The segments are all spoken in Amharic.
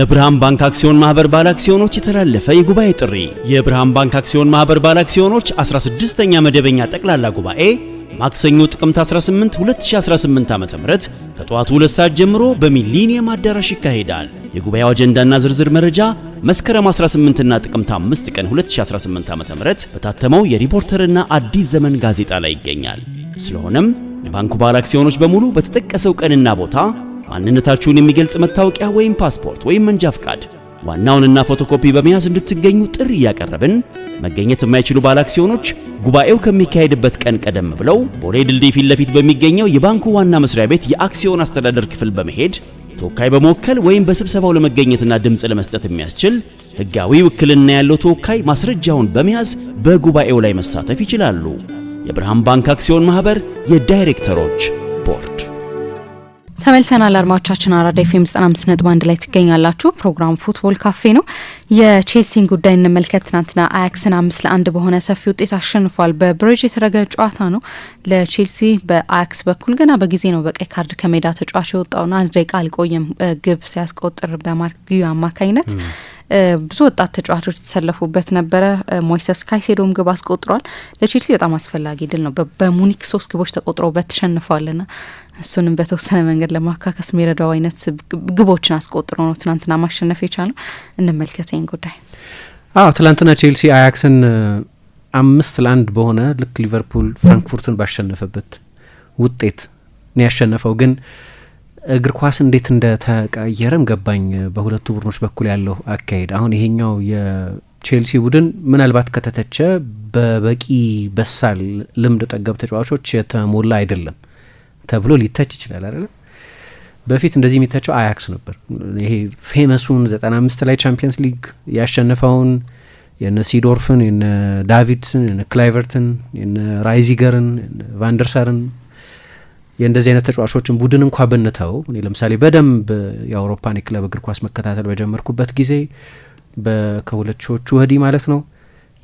ለብርሃን ባንክ አክሲዮን ማህበር ባለ አክሲዮኖች የተላለፈ የጉባኤ ጥሪ የብርሃን ባንክ አክሲዮን ማህበር ባለ አክሲዮኖች 16ኛ መደበኛ ጠቅላላ ጉባኤ ማክሰኞ ጥቅምት 18 2018 ዓ.ም ከጠዋቱ ሁለት ሰዓት ጀምሮ በሚሊኒየም አዳራሽ ይካሄዳል። የጉባኤው አጀንዳና ዝርዝር መረጃ መስከረም 18ና ጥቅምት 5 ቀን 2018 ዓ.ም በታተመው የሪፖርተርና አዲስ ዘመን ጋዜጣ ላይ ይገኛል። ስለሆነም የባንኩ ባለ አክሲዮኖች በሙሉ በተጠቀሰው ቀንና ቦታ ማንነታችሁን የሚገልጽ መታወቂያ ወይም ፓስፖርት ወይም መንጃ ፍቃድ ዋናውንና ፎቶኮፒ በመያዝ እንድትገኙ ጥሪ እያቀረብን መገኘት የማይችሉ ባለ አክሲዮኖች ጉባኤው ከሚካሄድበት ቀን ቀደም ብለው ቦሌ ድልድይ ፊት ለፊት በሚገኘው የባንኩ ዋና መስሪያ ቤት የአክሲዮን አስተዳደር ክፍል በመሄድ ተወካይ በመወከል ወይም በስብሰባው ለመገኘትና ድምፅ ለመስጠት የሚያስችል ሕጋዊ ውክልና ያለው ተወካይ ማስረጃውን በመያዝ በጉባኤው ላይ መሳተፍ ይችላሉ። የብርሃን ባንክ አክሲዮን ማህበር የዳይሬክተሮች ቦርድ ተመልሰናል አድማጮቻችን፣ አራዳ ኤፍኤም 95.1 ላይ ትገኛላችሁ። ፕሮግራም ፉትቦል ካፌ ነው። የቼልሲን ጉዳይ እንመልከት። ትናንትና አያክስን አምስት ለአንድ በሆነ ሰፊ ውጤት አሸንፏል። በብሬጅ የተደረገ ጨዋታ ነው ለቼልሲ። በአያክስ በኩል ገና በጊዜ ነው በቀይ ካርድ ከሜዳ ተጫዋች የወጣውና አንድ ደቂቃ አልቆየም ግብ ሲያስቆጥር በማርክ ጊዩ አማካኝነት ብዙ ወጣት ተጫዋቾች የተሰለፉበት ነበረ። ሞይሰስ ካይሴዶም ግብ አስቆጥሯል። ለቼልሲ በጣም አስፈላጊ ድል ነው። በሙኒክ ሶስት ግቦች ተቆጥሮበት ተሸንፈዋል ና እሱንም በተወሰነ መንገድ ለማካከስ የሚረዳው አይነት ግቦችን አስቆጥሮ ነው ትናንትና ማሸነፍ የቻለው። እንመልከተኝ ጉዳይ አዎ ትላንትና ቼልሲ አያክስን አምስት ለአንድ በሆነ ልክ ሊቨርፑል ፍራንክፉርትን ባሸነፈበት ውጤት ነው ያሸነፈው ግን እግር ኳስ እንዴት እንደተቀየረም ገባኝ። በሁለቱ ቡድኖች በኩል ያለው አካሄድ አሁን ይሄኛው የቼልሲ ቡድን ምናልባት ከተተቸ በበቂ በሳል ልምድ ጠገብ ተጫዋቾች የተሞላ አይደለም ተብሎ ሊተች ይችላል አይደለም። በፊት እንደዚህ የሚተቸው አያክስ ነበር። ይሄ ፌመሱን 95 ላይ ቻምፒየንስ ሊግ ያሸነፈውን የነ ሲዶርፍን የነ ዳቪድስን የነ ክላይቨርትን የነ ራይዚገርን ቫንደርሳርን የእንደዚህ አይነት ተጫዋቾችን ቡድን እንኳ ብንተው እኔ ለምሳሌ በደንብ የአውሮፓን የክለብ እግር ኳስ መከታተል በጀመርኩበት ጊዜ ከሁለት ሺዎቹ ወዲህ ማለት ነው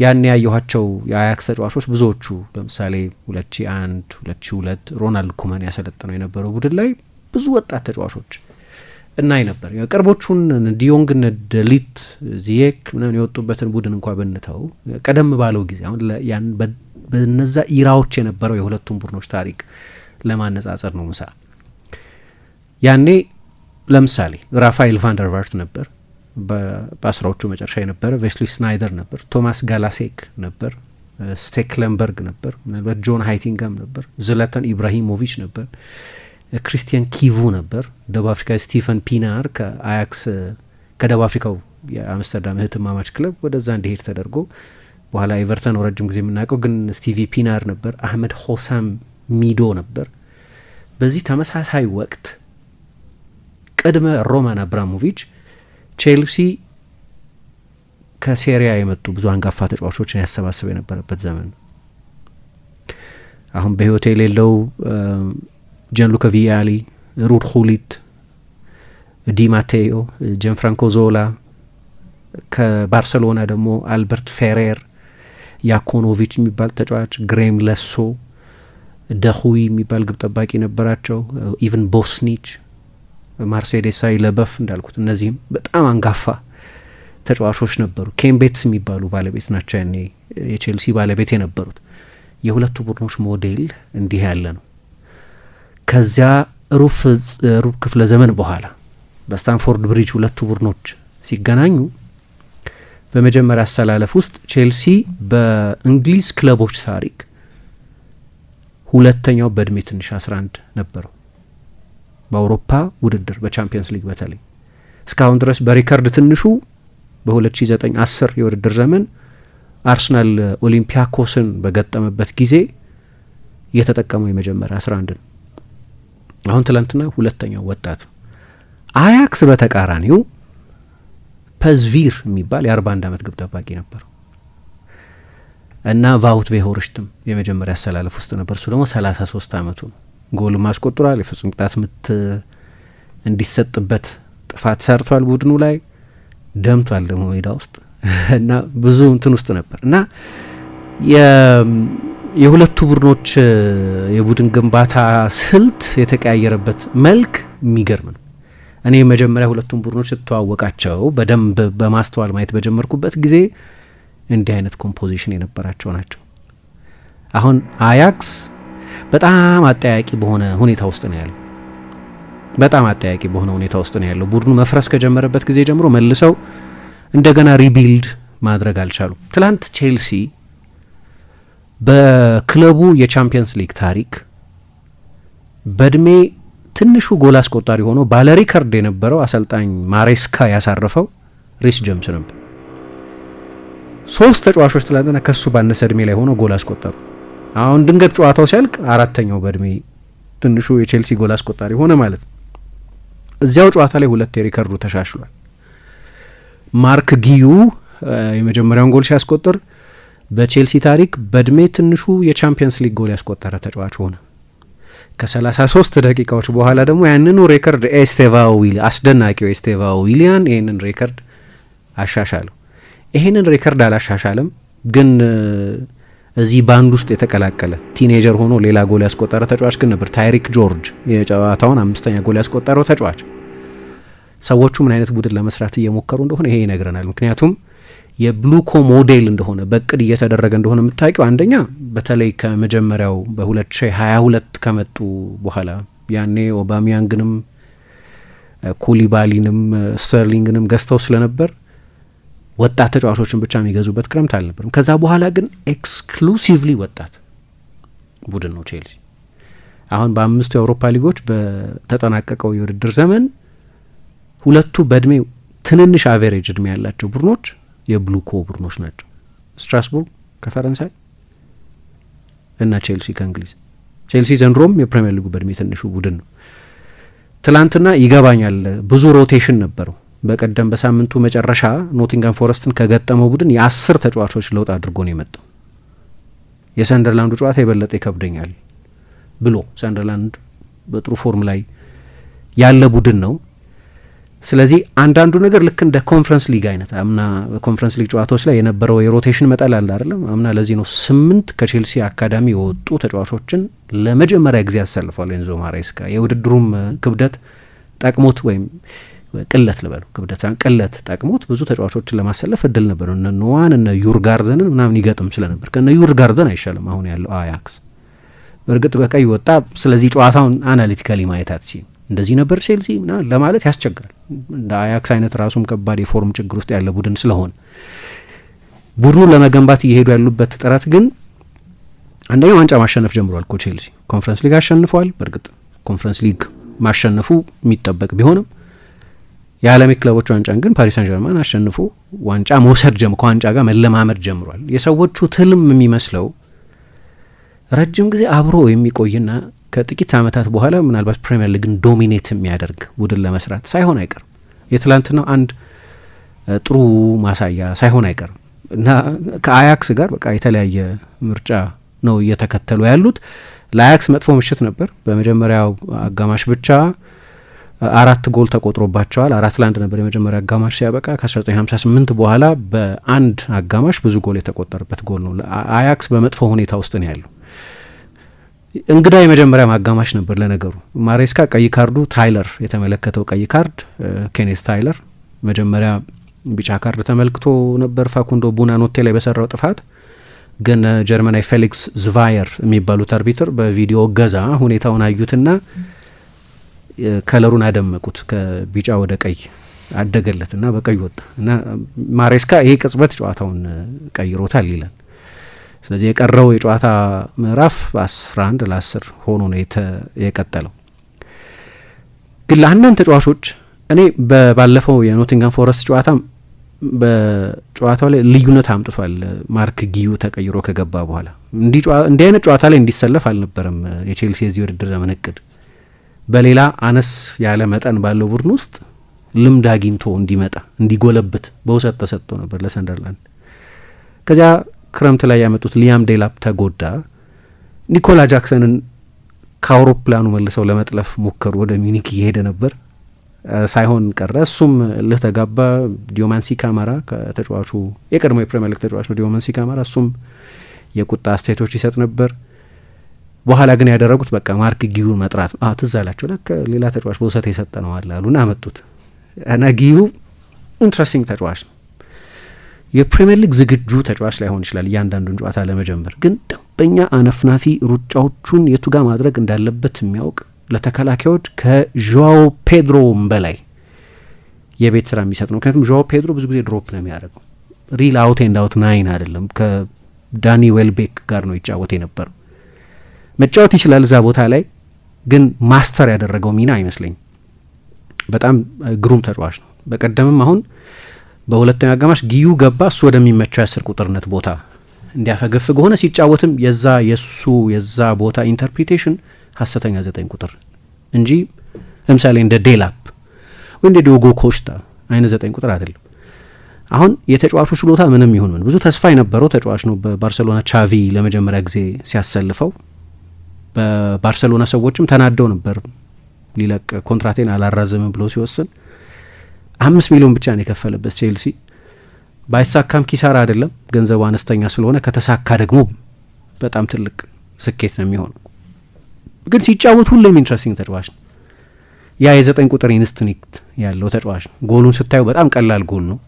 ያን ያየኋቸው የአያክስ ተጫዋቾች ብዙዎቹ ለምሳሌ ሁለት ሺ አንድ ሁለት ሺ ሁለት ሮናልድ ኩመን ያሰለጥነው የነበረው ቡድን ላይ ብዙ ወጣት ተጫዋቾች እናይ ነበር። የቅርቦቹን ዲዮንግ፣ ደሊት፣ ዚየክ ምናምን የወጡበትን ቡድን እንኳ ብንተው ቀደም ባለው ጊዜ አሁን በነዛ ኢራዎች የነበረው የሁለቱም ቡድኖች ታሪክ ለማነጻጸር ነው ሙሳ ያኔ ለምሳሌ ራፋኤል ቫንደርቫርት ነበር በአስራዎቹ መጨረሻ የነበረ ቬስሊ ስናይደር ነበር ቶማስ ጋላሴክ ነበር ስቴክለንበርግ ነበር ምናልባት ጆን ሃይቲንጋም ነበር ዝለተን ኢብራሂሞቪች ነበር ክሪስቲያን ኪቩ ነበር ደቡብ አፍሪካ ስቲፈን ፒናር ከአያክስ ከደቡብ አፍሪካው የአምስተርዳም እህትማማች ክለብ ወደዛ እንዲሄድ ተደርጎ በኋላ ኤቨርተን ረጅም ጊዜ የምናውቀው ግን ስቲቪ ፒናር ነበር አህመድ ሆሳም ሚዶ ነበር በዚህ ተመሳሳይ ወቅት ቅድመ ሮማን አብራሞቪች ቼልሲ ከሴሪያ የመጡ ብዙ አንጋፋ ተጫዋቾችን ያሰባስብ የነበረበት ዘመን ነው። አሁን በሕይወት የሌለው ጃንሉካ ቪያሊ፣ ሩድ ሁሊት፣ ዲ ማቴዮ፣ ፍራንኮ ዞላ፣ ከባርሰሎና ደግሞ አልበርት ፌሬር፣ ያኮኖቪች የሚባል ተጫዋች፣ ግሬም ለሶ ደሁዊ የሚባል ግብ ጠባቂ ነበራቸው። ኢቨን ቦስኒች፣ ማርሴዴሳይ፣ ለበፍ እንዳልኩት እነዚህም በጣም አንጋፋ ተጫዋቾች ነበሩ። ኬን ቤትስ የሚባሉ ባለቤት ናቸው ያኔ የቼልሲ ባለቤት የነበሩት። የሁለቱ ቡድኖች ሞዴል እንዲህ ያለ ነው። ከዚያ ሩብ ክፍለ ዘመን በኋላ በስታንፎርድ ብሪጅ ሁለቱ ቡድኖች ሲገናኙ በመጀመሪያ አሰላለፍ ውስጥ ቼልሲ በእንግሊዝ ክለቦች ታሪክ ሁለተኛው በእድሜ ትንሽ 11 ነበረው። በአውሮፓ ውድድር በቻምፒየንስ ሊግ በተለይ እስካሁን ድረስ በሪከርድ ትንሹ በ2009 10 የውድድር ዘመን አርሰናል ኦሊምፒያኮስን በገጠመበት ጊዜ የተጠቀመው የመጀመሪያ 11 ነው። አሁን ትላንትና ሁለተኛው ወጣት አያክስ በተቃራኒው ፐዝቪር የሚባል የ41 ዓመት ግብ ጠባቂ ነበረው። እና ቫውት ቬሆርሽትም የመጀመሪያ አሰላለፍ ውስጥ ነበር። እሱ ደግሞ ሰላሳ ሶስት አመቱ ነው። ጎልም አስቆጥሯል። የፍጹም ቅጣት ምት እንዲሰጥበት ጥፋት ሰርቷል። ቡድኑ ላይ ደምቷል ደግሞ ሜዳ ውስጥ እና ብዙ እንትን ውስጥ ነበር እና የሁለቱ ቡድኖች የቡድን ግንባታ ስልት የተቀያየረበት መልክ የሚገርም ነው። እኔ መጀመሪያ ሁለቱን ቡድኖች ስተዋወቃቸው በደንብ በማስተዋል ማየት በጀመርኩበት ጊዜ እንዲህ አይነት ኮምፖዚሽን የነበራቸው ናቸው። አሁን አያክስ በጣም አጠያቂ በሆነ ሁኔታ ውስጥ ነው ያለው። በጣም አጠያቂ በሆነ ሁኔታ ውስጥ ነው ያለው። ቡድኑ መፍረስ ከጀመረበት ጊዜ ጀምሮ መልሰው እንደገና ሪቢልድ ማድረግ አልቻሉም። ትላንት ቼልሲ በክለቡ የቻምፒየንስ ሊግ ታሪክ በእድሜ ትንሹ ጎል አስቆጣሪ ሆኖ ባለሪከርድ የነበረው አሰልጣኝ ማሬስካ ያሳረፈው ሪስ ጀምስ ነበር። ሶስት ተጫዋቾች ትላንትና ከሱ ባነሰ እድሜ ላይ ሆነው ጎል አስቆጠሩ። አሁን ድንገት ጨዋታው ሲያልቅ አራተኛው በእድሜ ትንሹ የቼልሲ ጎል አስቆጣሪ ሆነ ማለት ነው። እዚያው ጨዋታ ላይ ሁለት የሪከርዱ ተሻሽሏል። ማርክ ጊዩ የመጀመሪያውን ጎል ሲያስቆጥር በቼልሲ ታሪክ በእድሜ ትንሹ የቻምፒየንስ ሊግ ጎል ያስቆጠረ ተጫዋች ሆነ። ከ33 ደቂቃዎች በኋላ ደግሞ ያንኑ ሬከርድ ኤስቴቫ ዊል አስደናቂው ኤስቴቫ ዊሊያን ይህንን ሬከርድ አሻሻለው። ይሄንን ሬከርድ አላሻሻለም፣ ግን እዚህ ባንድ ውስጥ የተቀላቀለ ቲኔጀር ሆኖ ሌላ ጎል ያስቆጠረ ተጫዋች ግን ነበር። ታይሪክ ጆርጅ የጨዋታውን አምስተኛ ጎል ያስቆጠረው ተጫዋች። ሰዎቹ ምን አይነት ቡድን ለመስራት እየሞከሩ እንደሆነ ይሄ ይነግረናል። ምክንያቱም የብሉኮ ሞዴል እንደሆነ በእቅድ እየተደረገ እንደሆነ የምታውቂው አንደኛ በተለይ ከመጀመሪያው በ2022 ከመጡ በኋላ ያኔ ኦባሚያንግንም ኩሊባሊንም ስተርሊንግንም ገዝተው ስለነበር ወጣት ተጫዋቾችን ብቻ የሚገዙበት ክረምት አልነበርም። ከዛ በኋላ ግን ኤክስክሉሲቭሊ ወጣት ቡድን ነው ቼልሲ። አሁን በአምስቱ የአውሮፓ ሊጎች በተጠናቀቀው የውድድር ዘመን ሁለቱ በእድሜ ትንንሽ አቬሬጅ እድሜ ያላቸው ቡድኖች የብሉኮ ቡድኖች ናቸው። ስትራስቡርግ ከፈረንሳይ እና ቼልሲ ከእንግሊዝ። ቼልሲ ዘንድሮም የፕሪምየር ሊጉ በእድሜ ትንሹ ቡድን ነው። ትላንትና ይገባኛል ብዙ ሮቴሽን ነበረው በቀደም በሳምንቱ መጨረሻ ኖቲንጋም ፎረስትን ከገጠመው ቡድን የአስር ተጫዋቾች ለውጥ አድርጎ ነው የመጣው። የሰንደርላንዱ ጨዋታ የበለጠ ይከብደኛል ብሎ ሰንደርላንድ በጥሩ ፎርም ላይ ያለ ቡድን ነው። ስለዚህ አንዳንዱ ነገር ልክ እንደ ኮንፈረንስ ሊግ አይነት አምና በኮንፈረንስ ሊግ ጨዋታዎች ላይ የነበረው የሮቴሽን መጠል አለ አይደለም። አምና ለዚህ ነው ስምንት ከቼልሲ አካዳሚ የወጡ ተጫዋቾችን ለመጀመሪያ ጊዜ አሰልፏል ኤንዞ ማሬስካ። የውድድሩም ክብደት ጠቅሞት ወይም ቅለት ልበሉ ክብደታን ቅለት ጠቅሞት ብዙ ተጫዋቾችን ለማሰለፍ እድል ነበር። እነ ኖዋን እነ ዩርጋርዘንን ምናምን ይገጥም ስለነበር ከነ ዩርጋርዘን አይሻልም አሁን ያለው አያክስ። በእርግጥ በቀይ ወጣ። ስለዚህ ጨዋታውን አናሊቲካሊ ማየት አትችልም። እንደዚህ ነበር ቼልሲ ለማለት ያስቸግራል። እንደ አያክስ አይነት ራሱም ከባድ የፎርም ችግር ውስጥ ያለ ቡድን ስለሆነ ቡድኑ ለመገንባት እየሄዱ ያሉበት ጥረት ግን አንደኛ ዋንጫ ማሸነፍ ጀምሯል እኮ ቼልሲ ኮንፈረንስ ሊግ አሸንፏል። በእርግጥ ኮንፈረንስ ሊግ ማሸነፉ የሚጠበቅ ቢሆንም የዓለም ክለቦች ዋንጫን ግን ፓሪስ ሳን ጀርማን አሸንፎ ዋንጫ መውሰድ ጀም ከዋንጫ ጋር መለማመድ ጀምሯል። የሰዎቹ ትልም የሚመስለው ረጅም ጊዜ አብሮ የሚቆይና ከጥቂት ዓመታት በኋላ ምናልባት ፕሪምየር ሊግን ዶሚኔት የሚያደርግ ቡድን ለመስራት ሳይሆን አይቀርም። የትላንትናው አንድ ጥሩ ማሳያ ሳይሆን አይቀርም እና ከአያክስ ጋር በቃ የተለያየ ምርጫ ነው እየተከተሉ ያሉት። ለአያክስ መጥፎ ምሽት ነበር። በመጀመሪያው አጋማሽ ብቻ አራት ጎል ተቆጥሮባቸዋል። አራት ለአንድ ነበር የመጀመሪያ አጋማሽ ሲያበቃ። ከ1958 በኋላ በአንድ አጋማሽ ብዙ ጎል የተቆጠረበት ጎል ነው። አያክስ በመጥፎ ሁኔታ ውስጥ ነው ያለው። እንግዳ የመጀመሪያ አጋማሽ ነበር። ለነገሩ ማሬስካ ቀይ ካርዱ ታይለር የተመለከተው ቀይ ካርድ ኬኔስ ታይለር መጀመሪያ ቢጫ ካርድ ተመልክቶ ነበር ፋኩንዶ ቡናኖቴ ላይ በሰራው ጥፋት ግን ጀርመናዊ ፌሊክስ ዝቫየር የሚባሉት አርቢትር በቪዲዮ ገዛ ሁኔታውን አዩትና ከለሩን አደመቁት። ከቢጫ ወደ ቀይ አደገለት እና በቀይ ወጣ እና ማሬስካ ይሄ ቅጽበት ጨዋታውን ቀይሮታል ይላል። ስለዚህ የቀረው የጨዋታ ምዕራፍ አስራ አንድ ለአስር ሆኖ ነው የቀጠለው። ግን ለአንዳንድ ተጫዋቾች እኔ ባለፈው የኖቲንጋም ፎረስት ጨዋታ በጨዋታው ላይ ልዩነት አምጥቷል። ማርክ ጊዩ ተቀይሮ ከገባ በኋላ እንዲህ አይነት ጨዋታ ላይ እንዲሰለፍ አልነበረም የቼልሲ የዚህ ውድድር ዘመን እቅድ በሌላ አነስ ያለ መጠን ባለው ቡድን ውስጥ ልምድ አግኝቶ እንዲመጣ እንዲጎለብት በውሰት ተሰጥቶ ነበር ለሰንደርላንድ። ከዚያ ክረምት ላይ ያመጡት ሊያም ዴላፕ ተጎዳ። ኒኮላ ጃክሰንን ከአውሮፕላኑ መልሰው ለመጥለፍ ሞከሩ። ወደ ሚኒክ እየሄደ ነበር፣ ሳይሆን ቀረ። እሱም እልህ ተጋባ። ዲዮማንሲ ካማራ ከተጫዋቹ የቀድሞ የፕሪሚየር ሊግ ተጫዋች ነው ዲዮማንሲ ካማራ። እሱም የቁጣ አስተያየቶች ይሰጥ ነበር። በኋላ ግን ያደረጉት በቃ ማርክ ጊዩን መጥራት ትዝ አላቸው። ለከ ሌላ ተጫዋች በውሰት የሰጠ ነው አለ አሉና አመጡት እና ጊዩ ኢንትረስቲንግ ተጫዋች ነው። የፕሪምየር ሊግ ዝግጁ ተጫዋች ላይሆን ይችላል እያንዳንዱን ጨዋታ ለመጀመር ግን ደንበኛ አነፍናፊ ሩጫዎቹን የቱጋ ማድረግ እንዳለበት የሚያውቅ ለተከላካዮች ከዣኦ ፔድሮም በላይ የቤት ስራ የሚሰጥ ነው። ምክንያቱም ዣኦ ፔድሮ ብዙ ጊዜ ድሮፕ ነው የሚያደርገው ሪል አውት ኤንድ አውት ናይን አይደለም። ከዳኒ ዌልቤክ ጋር ነው ይጫወት የነበረው መጫወት ይችላል እዛ ቦታ ላይ ግን ማስተር ያደረገው ሚና አይመስለኝም። በጣም ግሩም ተጫዋች ነው። በቀደምም አሁን በሁለተኛው አጋማሽ ጊዩ ገባ እሱ ወደሚመቸው የአስር ቁጥርነት ቦታ እንዲያፈገፍግ ሆነ። ሲጫወትም የዛ የሱ የዛ ቦታ ኢንተርፕሪቴሽን ሀሰተኛ ዘጠኝ ቁጥር እንጂ ለምሳሌ እንደ ዴላፕ ወይ እንደ ዲዮጎ ኮሽታ አይነት ዘጠኝ ቁጥር አይደለም። አሁን የተጫዋቹ ችሎታ ምንም ይሁን ምን ብዙ ተስፋ የነበረው ተጫዋች ነው። በባርሴሎና ቻቪ ለመጀመሪያ ጊዜ ሲያሰልፈው በባርሰሎና ሰዎችም ተናደው ነበር ሊለቅ ኮንትራቴን አላራዘምም ብሎ ሲወስን አምስት ሚሊዮን ብቻ ነው የከፈለበት ቼልሲ። ባይሳካም ኪሳራ አይደለም፣ ገንዘቡ አነስተኛ ስለሆነ ከተሳካ ደግሞ በጣም ትልቅ ስኬት ነው የሚሆነው። ግን ሲጫወት ሁሌም ኢንትረስቲንግ ተጫዋች ነው። ያ የዘጠኝ ቁጥር ኢንስትኒክት ያለው ተጫዋች ነው። ጎሉን ስታዩ በጣም ቀላል ጎል ነው፣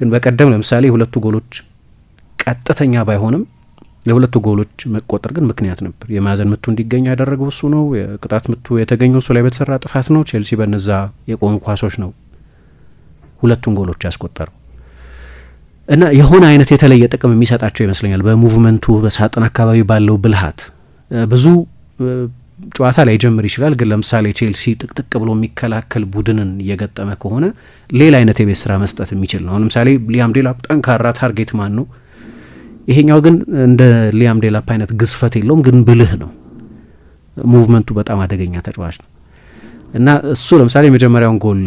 ግን በቀደም ለምሳሌ ሁለቱ ጎሎች ቀጥተኛ ባይሆንም ለሁለቱ ጎሎች መቆጠር ግን ምክንያት ነበር። የማዕዘን ምቱ እንዲገኝ ያደረገው እሱ ነው። የቅጣት ምቱ የተገኘው እሱ ላይ በተሰራ ጥፋት ነው። ቼልሲ በነዛ የቆሙ ኳሶች ነው ሁለቱን ጎሎች ያስቆጠረው እና የሆነ አይነት የተለየ ጥቅም የሚሰጣቸው ይመስለኛል። በሙቭመንቱ በሳጥን አካባቢ ባለው ብልሃት ብዙ ጨዋታ ላይ ጀምር ይችላል። ግን ለምሳሌ ቼልሲ ጥቅጥቅ ብሎ የሚከላከል ቡድንን እየገጠመ ከሆነ ሌላ አይነት የቤት ስራ መስጠት የሚችል ነው። ለምሳሌ ሊያም ዴላፕ ጠንካራ ታርጌት ማን ነው ይሄኛው ግን እንደ ሊያም ዴላፕ አይነት ግዝፈት የለውም፣ ግን ብልህ ነው። ሙቭመንቱ በጣም አደገኛ ተጫዋች ነው እና እሱ ለምሳሌ የመጀመሪያውን ጎል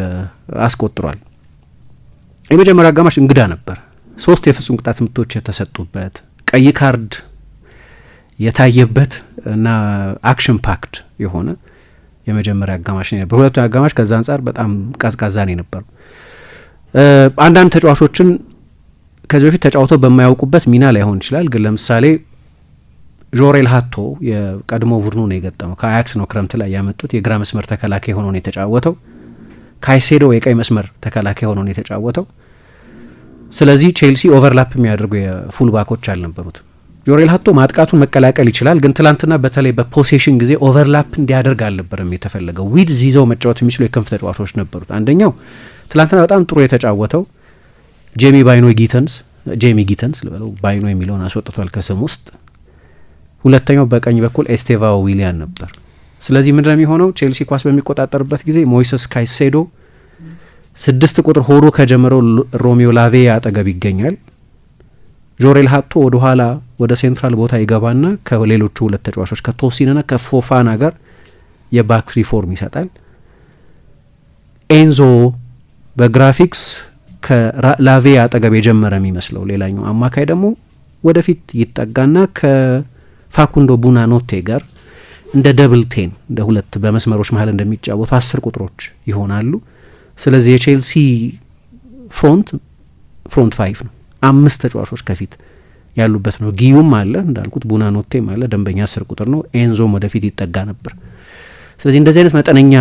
አስቆጥሯል። የመጀመሪያ አጋማሽ እንግዳ ነበር። ሶስት የፍጹም ቅጣት ምቶች የተሰጡበት ቀይ ካርድ የታየበት እና አክሽን ፓክድ የሆነ የመጀመሪያ አጋማሽ ነበር። ሁለቱ አጋማሽ ከዛ አንጻር በጣም ቀዝቃዛ ነው የነበረው። አንዳንድ ተጫዋቾችን ከዚህ በፊት ተጫውተው በማያውቁበት ሚና ላይሆን ይችላል፣ ግን ለምሳሌ ዦሬል ሀቶ የቀድሞ ቡድኑ ነው የገጠመው። ከአያክስ ነው ክረምት ላይ ያመጡት። የግራ መስመር ተከላካይ ሆኖ ነው የተጫወተው። ካይሴዶ የቀይ መስመር ተከላካይ ሆኖ ነው የተጫወተው። ስለዚህ ቼልሲ ኦቨርላፕ የሚያደርጉ የፉል ባኮች አልነበሩት ጆሬል ሀቶ ማጥቃቱን መቀላቀል ይችላል፣ ግን ትላንትና በተለይ በፖሴሽን ጊዜ ኦቨርላፕ እንዲያደርግ አልነበረም የተፈለገው። ዊድዝ ይዘው መጫወት የሚችሉ የክንፍ ተጫዋቾች ነበሩት። አንደኛው ትላንትና በጣም ጥሩ የተጫወተው ጄሚ ባይኖ ጊተንስ ጄሚ ጊተንስ ልበለው ባይኖ የሚለውን አስወጥቷል ከስም ውስጥ። ሁለተኛው በቀኝ በኩል ኤስቴቫ ዊሊያን ነበር። ስለዚህ ምንድነው የሚሆነው? ቼልሲ ኳስ በሚቆጣጠርበት ጊዜ ሞይሰስ ካይሴዶ ስድስት ቁጥር ሆዶ ከጀመረው ሮሚዮ ላቬያ አጠገብ ይገኛል። ጆሬል ሀቶ ወደ ኋላ ወደ ሴንትራል ቦታ ይገባና ከሌሎቹ ሁለት ተጫዋቾች ከቶሲንና ከፎፋና ጋር የባክስ ሪፎርም ይሰጣል። ኤንዞ በግራፊክስ ከላቬያ አጠገብ የጀመረ የሚመስለው ሌላኛው አማካይ ደግሞ ወደፊት ይጠጋና ከፋኩንዶ ቡና ኖቴ ጋር እንደ ደብል ቴን እንደ ሁለት በመስመሮች መሀል እንደሚጫወቱ አስር ቁጥሮች ይሆናሉ። ስለዚህ የቼልሲ ፍሮንት ፍሮንት ፋይፍ ነው። አምስት ተጫዋቾች ከፊት ያሉበት ነው። ጊዩም አለ እንዳልኩት፣ ቡና ኖቴም አለ፣ ደንበኛ አስር ቁጥር ነው። ኤንዞም ወደፊት ይጠጋ ነበር። ስለዚህ እንደዚህ አይነት መጠነኛ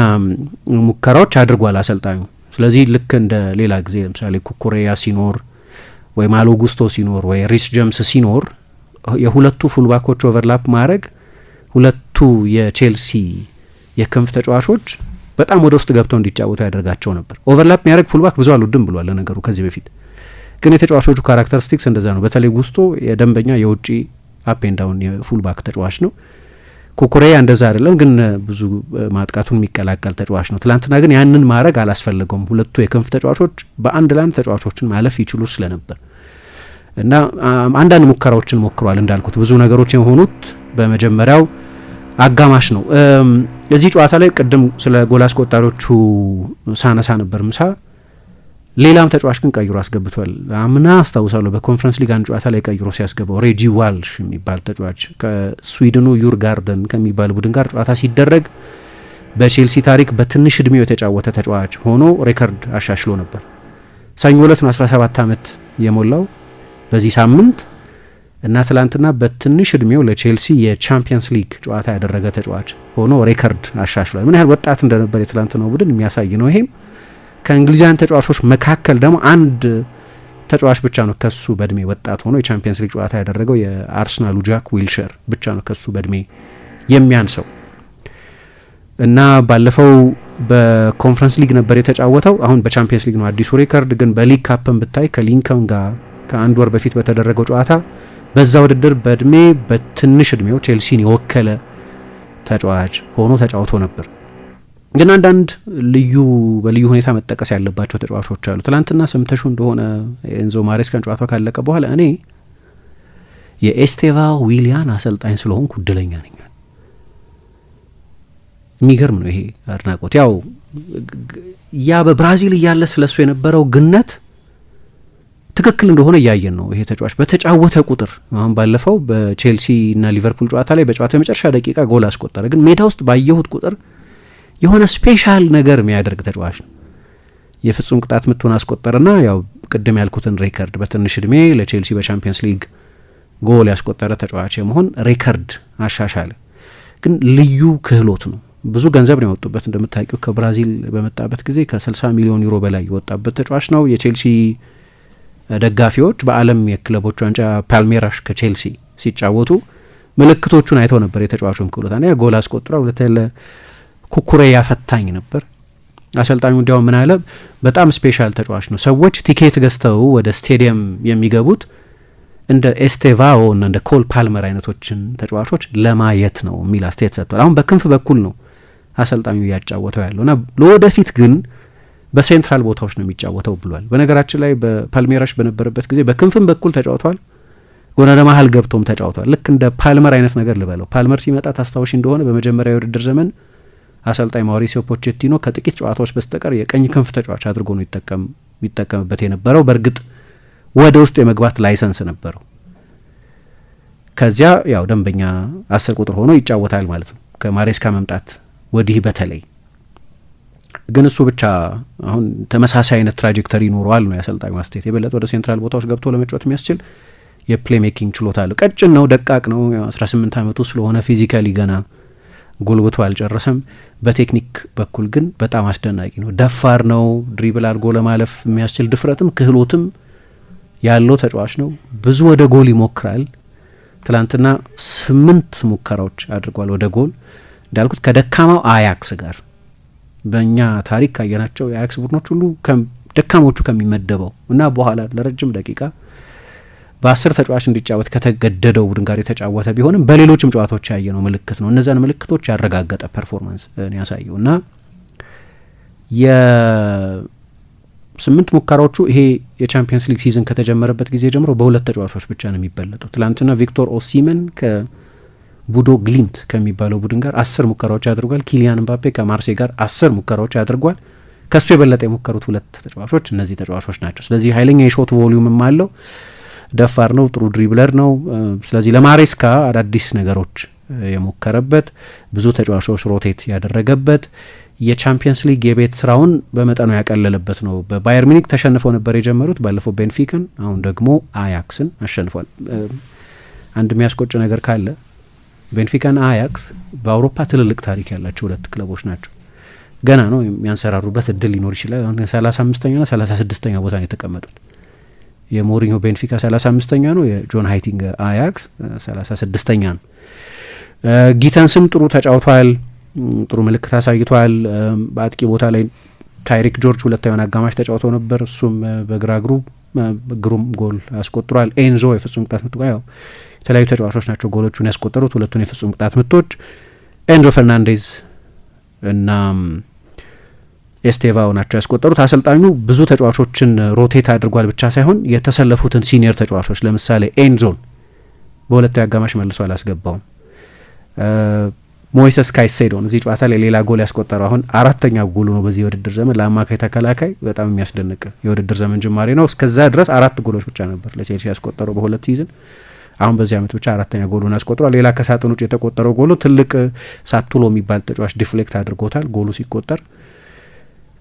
ሙከራዎች አድርጓል አሰልጣኙ። ስለዚህ ልክ እንደ ሌላ ጊዜ ለምሳሌ ኩኩሬያ ሲኖር ወይ ማሎ ጉስቶ ሲኖር ወይ ሪስ ጀምስ ሲኖር የሁለቱ ፉልባኮች ኦቨርላፕ ማድረግ ሁለቱ የቼልሲ የክንፍ ተጫዋቾች በጣም ወደ ውስጥ ገብተው እንዲጫወቱ ያደርጋቸው ነበር። ኦቨርላፕ የሚያደርግ ፉልባክ ብዙ አልወድም ብሏል ለነገሩ ከዚህ በፊት ግን የተጫዋቾቹ ካራክተሪስቲክስ እንደዛ ነው። በተለይ ጉስቶ የደንበኛ የውጭ አፕ የፉልባክ ተጫዋች ነው። ኮኮሪያ እንደዛ አይደለም፣ ግን ብዙ ማጥቃቱን የሚቀላቀል ተጫዋች ነው። ትላንትና ግን ያንን ማድረግ አላስፈለገውም። ሁለቱ የክንፍ ተጫዋቾች በአንድ ላንድ ተጫዋቾችን ማለፍ ይችሉ ስለነበር እና አንዳንድ ሙከራዎችን ሞክሯል። እንዳልኩት ብዙ ነገሮች የሆኑት በመጀመሪያው አጋማሽ ነው። እዚህ ጨዋታ ላይ ቅድም ስለ ጎል አስቆጣሪዎቹ ሳነሳ ነበር ምሳ ሌላም ተጫዋች ግን ቀይሮ አስገብቷል። አምና አስታውሳለሁ በኮንፈረንስ ሊግ አንድ ጨዋታ ላይ ቀይሮ ሲያስገባው ሬጂ ዋልሽ የሚባል ተጫዋች ከስዊድኑ ዩር ጋርደን ከሚባል ቡድን ጋር ጨዋታ ሲደረግ በቼልሲ ታሪክ በትንሽ እድሜው የተጫወተ ተጫዋች ሆኖ ሬከርድ አሻሽሎ ነበር። ሰኞ ዕለት ነው 17 ዓመት የሞላው በዚህ ሳምንት እና ትላንትና በትንሽ እድሜው ለቼልሲ የቻምፒየንስ ሊግ ጨዋታ ያደረገ ተጫዋች ሆኖ ሬከርድ አሻሽሏል። ምን ያህል ወጣት እንደነበር የትላንትናው ቡድን የሚያሳይ ነው ይሄም ከእንግሊዛውያን ተጫዋቾች መካከል ደግሞ አንድ ተጫዋች ብቻ ነው ከሱ በእድሜ ወጣት ሆኖ የቻምፒየንስ ሊግ ጨዋታ ያደረገው የአርሰናሉ ጃክ ዊልሸር ብቻ ነው ከሱ በእድሜ የሚያንሰው እና ባለፈው በኮንፈረንስ ሊግ ነበር የተጫወተው። አሁን በቻምፒየንስ ሊግ ነው አዲሱ ሪከርድ። ግን በሊግ ካፕን ብታይ ከሊንከን ጋር ከአንድ ወር በፊት በተደረገው ጨዋታ በዛ ውድድር በእድሜ በትንሽ እድሜው ቼልሲን የወከለ ተጫዋች ሆኖ ተጫውቶ ነበር። ግን አንዳንድ ልዩ በልዩ ሁኔታ መጠቀስ ያለባቸው ተጫዋቾች አሉ። ትላንትና ስምተሹ እንደሆነ ኤንዞ ማሬስካን ጨዋታ ካለቀ በኋላ እኔ የኤስቴቫ ዊሊያን አሰልጣኝ ስለሆንኩ እድለኛ ነኝ። የሚገርም ነው ይሄ አድናቆት። ያው ያ በብራዚል እያለ ስለሱ የነበረው ግነት ትክክል እንደሆነ እያየን ነው። ይሄ ተጫዋች በተጫወተ ቁጥር አሁን ባለፈው በቼልሲ እና ሊቨርፑል ጨዋታ ላይ በጨዋታ የመጨረሻ ደቂቃ ጎል አስቆጠረ። ግን ሜዳ ውስጥ ባየሁት ቁጥር የሆነ ስፔሻል ነገር የሚያደርግ ተጫዋች ነው። የፍጹም ቅጣት ምቱን አስቆጠረና ያው ቅድም ያልኩትን ሬከርድ በትንሽ እድሜ ለቼልሲ በቻምፒየንስ ሊግ ጎል ያስቆጠረ ተጫዋች የመሆን ሬከርድ አሻሻለ። ግን ልዩ ክህሎት ነው። ብዙ ገንዘብ ነው ያወጡበት። እንደምታውቂው ከብራዚል በመጣበት ጊዜ ከ60 ሚሊዮን ዩሮ በላይ የወጣበት ተጫዋች ነው። የቼልሲ ደጋፊዎች በዓለም የክለቦች ዋንጫ ፓልሜራሽ ከቼልሲ ሲጫወቱ ምልክቶቹን አይተው ነበር የተጫዋቹን ክህሎት። አንደኛ ጎል አስቆጥሯል፣ ሁለተኛ ኩኩሬ ያፈታኝ ነበር። አሰልጣኙ እንዲያውም ምን አለ፣ በጣም ስፔሻል ተጫዋች ነው። ሰዎች ቲኬት ገዝተው ወደ ስቴዲየም የሚገቡት እንደ ኤስቴቫኦ እና እንደ ኮል ፓልመር አይነቶችን ተጫዋቾች ለማየት ነው የሚል አስተያየት ሰጥቷል። አሁን በክንፍ በኩል ነው አሰልጣኙ እያጫወተው ያለው እና ለወደፊት ግን በሴንትራል ቦታዎች ነው የሚጫወተው ብሏል። በነገራችን ላይ በፓልሜራሽ በነበረበት ጊዜ በክንፍም በኩል ተጫውቷል፣ ጎና ለመሀል ገብቶም ተጫውቷል። ልክ እንደ ፓልመር አይነት ነገር ልበለው። ፓልመር ሲመጣ ታስታውሽ እንደሆነ በመጀመሪያ የውድድር ዘመን አሰልጣኝ ማውሪሲዮ ፖቼቲኖ ከጥቂት ጨዋታዎች በስተቀር የቀኝ ክንፍ ተጫዋች አድርጎ ነው ይጠቀምበት የነበረው። በእርግጥ ወደ ውስጥ የመግባት ላይሰንስ ነበረው። ከዚያ ያው ደንበኛ አስር ቁጥር ሆኖ ይጫወታል ማለት ነው። ከማሬስካ መምጣት ወዲህ በተለይ ግን እሱ ብቻ አሁን ተመሳሳይ አይነት ትራጀክተሪ ይኖረዋል ነው የአሰልጣኙ አስተያየት። የበለጠ ወደ ሴንትራል ቦታዎች ገብቶ ለመጫወት የሚያስችል የፕሌሜኪንግ ችሎታ አለው። ቀጭን ነው፣ ደቃቅ ነው። 18 ዓመቱ ስለሆነ ፊዚካሊ ገና ጎልብቶ አልጨረሰም። በቴክኒክ በኩል ግን በጣም አስደናቂ ነው። ደፋር ነው። ድሪብል አድርጎ ለማለፍ የሚያስችል ድፍረትም ክህሎትም ያለው ተጫዋች ነው። ብዙ ወደ ጎል ይሞክራል። ትላንትና ስምንት ሙከራዎች አድርጓል ወደ ጎል። እንዳልኩት ከደካማው አያክስ ጋር በእኛ ታሪክ ካየናቸው የአያክስ ቡድኖች ሁሉ ደካሞቹ ከሚመደበው እና በኋላ ለረጅም ደቂቃ በአስር ተጫዋች እንዲጫወት ከተገደደው ቡድን ጋር የተጫወተ ቢሆንም በሌሎችም ጨዋታዎች ያየ ነው ምልክት ነው። እነዚያን ምልክቶች ያረጋገጠ ፐርፎርማንስ ያሳየው እና የስምንት ሙከራዎቹ ይሄ የቻምፒየንስ ሊግ ሲዝን ከተጀመረበት ጊዜ ጀምሮ በሁለት ተጫዋቾች ብቻ ነው የሚበለጠው። ትላንትና ቪክቶር ኦሲመን ከቡዶ ግሊምት ከሚባለው ቡድን ጋር አስር ሙከራዎች አድርጓል። ኪሊያን ምባፔ ከማርሴ ጋር አስር ሙከራዎች አድርጓል። ከሱ የበለጠ የሞከሩት ሁለት ተጫዋቾች እነዚህ ተጫዋቾች ናቸው። ስለዚህ ኃይለኛ የሾት ቮሊዩምም አለው። ደፋር ነው፣ ጥሩ ድሪብለር ነው። ስለዚህ ለማሬስካ አዳዲስ ነገሮች የሞከረበት ብዙ ተጫዋቾች ሮቴት ያደረገበት የቻምፒየንስ ሊግ የቤት ስራውን በመጠኑ ያቀለለበት ነው። በባየር ሚኒክ ተሸንፈው ነበር የጀመሩት። ባለፈው ቤንፊካን፣ አሁን ደግሞ አያክስን አሸንፏል። አንድ የሚያስቆጭ ነገር ካለ ቤንፊካና አያክስ በአውሮፓ ትልልቅ ታሪክ ያላቸው ሁለት ክለቦች ናቸው። ገና ነው የሚያንሰራሩበት እድል ሊኖር ይችላል። ሰላሳ አምስተኛና ሰላሳ ስድስተኛ ቦታ ነው የተቀመጡት። የሞሪኞ ቤንፊካ 35ኛ ነው። የጆን ሃይቲንግ አያክስ 36ኛ ነው። ጊተንስም ጥሩ ተጫውቷል። ጥሩ ምልክት አሳይቷል። በአጥቂ ቦታ ላይ ታይሪክ ጆርጅ ሁለታዊን አጋማሽ ተጫውቶ ነበር። እሱም በግራ እግሩ ግሩም ጎል አስቆጥሯል። ኤንዞ የፍጹም ቅጣት ምት ያው የተለያዩ ተጫዋቾች ናቸው ጎሎቹን ያስቆጠሩት፣ ሁለቱን የፍጹም ቅጣት ምቶች ኤንዞ ፈርናንዴዝ እና ኤስቴቫው ናቸው ያስቆጠሩት። አሰልጣኙ ብዙ ተጫዋቾችን ሮቴት አድርጓል ብቻ ሳይሆን የተሰለፉትን ሲኒየር ተጫዋቾች ለምሳሌ ኤንዞን በሁለቱ አጋማሽ መልሶ አላስገባውም። ሞይሰስ ካይሴዶን እዚህ ጨዋታ ላይ ሌላ ጎል ያስቆጠረው አሁን አራተኛ ጎሉ ነው በዚህ የውድድር ዘመን። ለአማካይ ተከላካይ በጣም የሚያስደንቅ የውድድር ዘመን ጅማሬ ነው። እስከዛ ድረስ አራት ጎሎች ብቻ ነበር ለቼልሲ ያስቆጠረው በሁለት ሲዝን። አሁን በዚህ አመት ብቻ አራተኛ ጎሉን ያስቆጥሯል። ሌላ ከሳጥን ውጭ የተቆጠረው ጎሉ ትልቅ ሳቱሎ የሚባል ተጫዋች ዲፍሌክት አድርጎታል። ጎሉ ሲቆጠር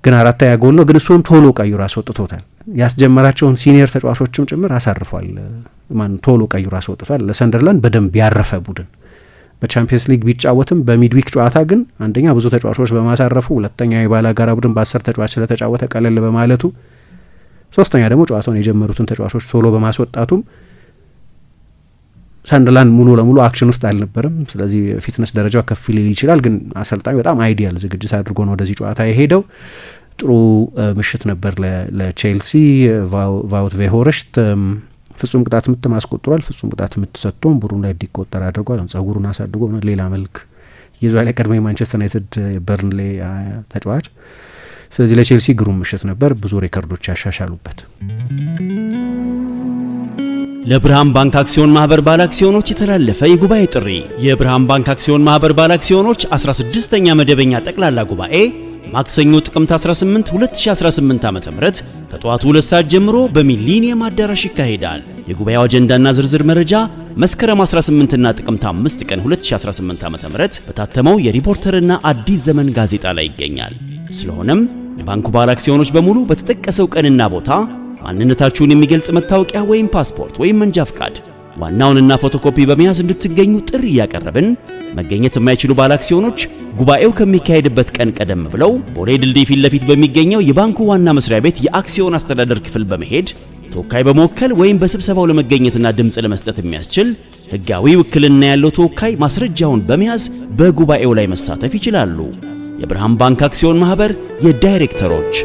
ግን አራተኛ ጎል ነው። ግን እሱንም ቶሎ ቀይሮ አስወጥቶታል። ያስጀመራቸውን ሲኒየር ተጫዋቾችም ጭምር አሳርፏል። ማን ቶሎ ቀይሮ አስወጥቷል። ለሰንደርላንድ በደንብ ያረፈ ቡድን በቻምፒየንስ ሊግ ቢጫወትም በሚድዊክ ጨዋታ ግን አንደኛ ብዙ ተጫዋቾች በማሳረፉ፣ ሁለተኛ የባላ ጋራ ቡድን በአስር ተጫዋች ስለተጫወተ ቀለል በማለቱ፣ ሶስተኛ ደግሞ ጨዋታውን የጀመሩትን ተጫዋቾች ቶሎ በማስወጣቱም ሰንደርላንድ ሙሉ ለሙሉ አክሽን ውስጥ አልነበርም። ስለዚህ ፊትነስ ደረጃው ከፍ ሊል ይችላል፣ ግን አሰልጣኙ በጣም አይዲያል ዝግጅት አድርጎ ነው ወደዚህ ጨዋታ የሄደው። ጥሩ ምሽት ነበር ለቼልሲ። ቫውት ቬሆረሽት ፍጹም ቅጣት ምት ማስቆጥሯል። ፍጹም ቅጣት ምት ሰጥቶም ቡድኑ ላይ እንዲቆጠር አድርጓል። ጸጉሩን አሳድጎ ሌላ መልክ ይዟል። የቀድሞ የማንቸስተር ዩናይትድ በርንሌ ተጫዋች። ስለዚህ ለቼልሲ ግሩም ምሽት ነበር፣ ብዙ ሬከርዶች ያሻሻሉበት ለብርሃን ባንክ አክሲዮን ማህበር ባለ አክሲዮኖች የተላለፈ የጉባኤ ጥሪ። የብርሃን ባንክ አክሲዮን ማህበር ባለ አክሲዮኖች 16ኛ መደበኛ ጠቅላላ ጉባኤ ማክሰኞ ጥቅምት 18 2018 ዓ.ም ከጠዋቱ 2 ሰዓት ጀምሮ በሚሊኒየም አዳራሽ ይካሄዳል። የጉባኤው አጀንዳና ዝርዝር መረጃ መስከረም 18 እና ጥቅምት 5 ቀን 2018 ዓ.ም በታተመው የሪፖርተርና አዲስ ዘመን ጋዜጣ ላይ ይገኛል። ስለሆነም የባንኩ ባለ አክሲዮኖች በሙሉ በተጠቀሰው ቀንና ቦታ ማንነታችሁን የሚገልጽ መታወቂያ ወይም ፓስፖርት ወይም መንጃ ፍቃድ ዋናውንና ፎቶኮፒ በመያዝ እንድትገኙ ጥሪ እያቀረብን መገኘት የማይችሉ ባለ አክሲዮኖች ጉባኤው ከሚካሄድበት ቀን ቀደም ብለው ቦሌ ድልድይ ፊት ለፊት በሚገኘው የባንኩ ዋና መስሪያ ቤት የአክሲዮን አስተዳደር ክፍል በመሄድ ተወካይ በመወከል ወይም በስብሰባው ለመገኘትና ድምፅ ለመስጠት የሚያስችል ሕጋዊ ውክልና ያለው ተወካይ ማስረጃውን በመያዝ በጉባኤው ላይ መሳተፍ ይችላሉ። የብርሃን ባንክ አክሲዮን ማህበር የዳይሬክተሮች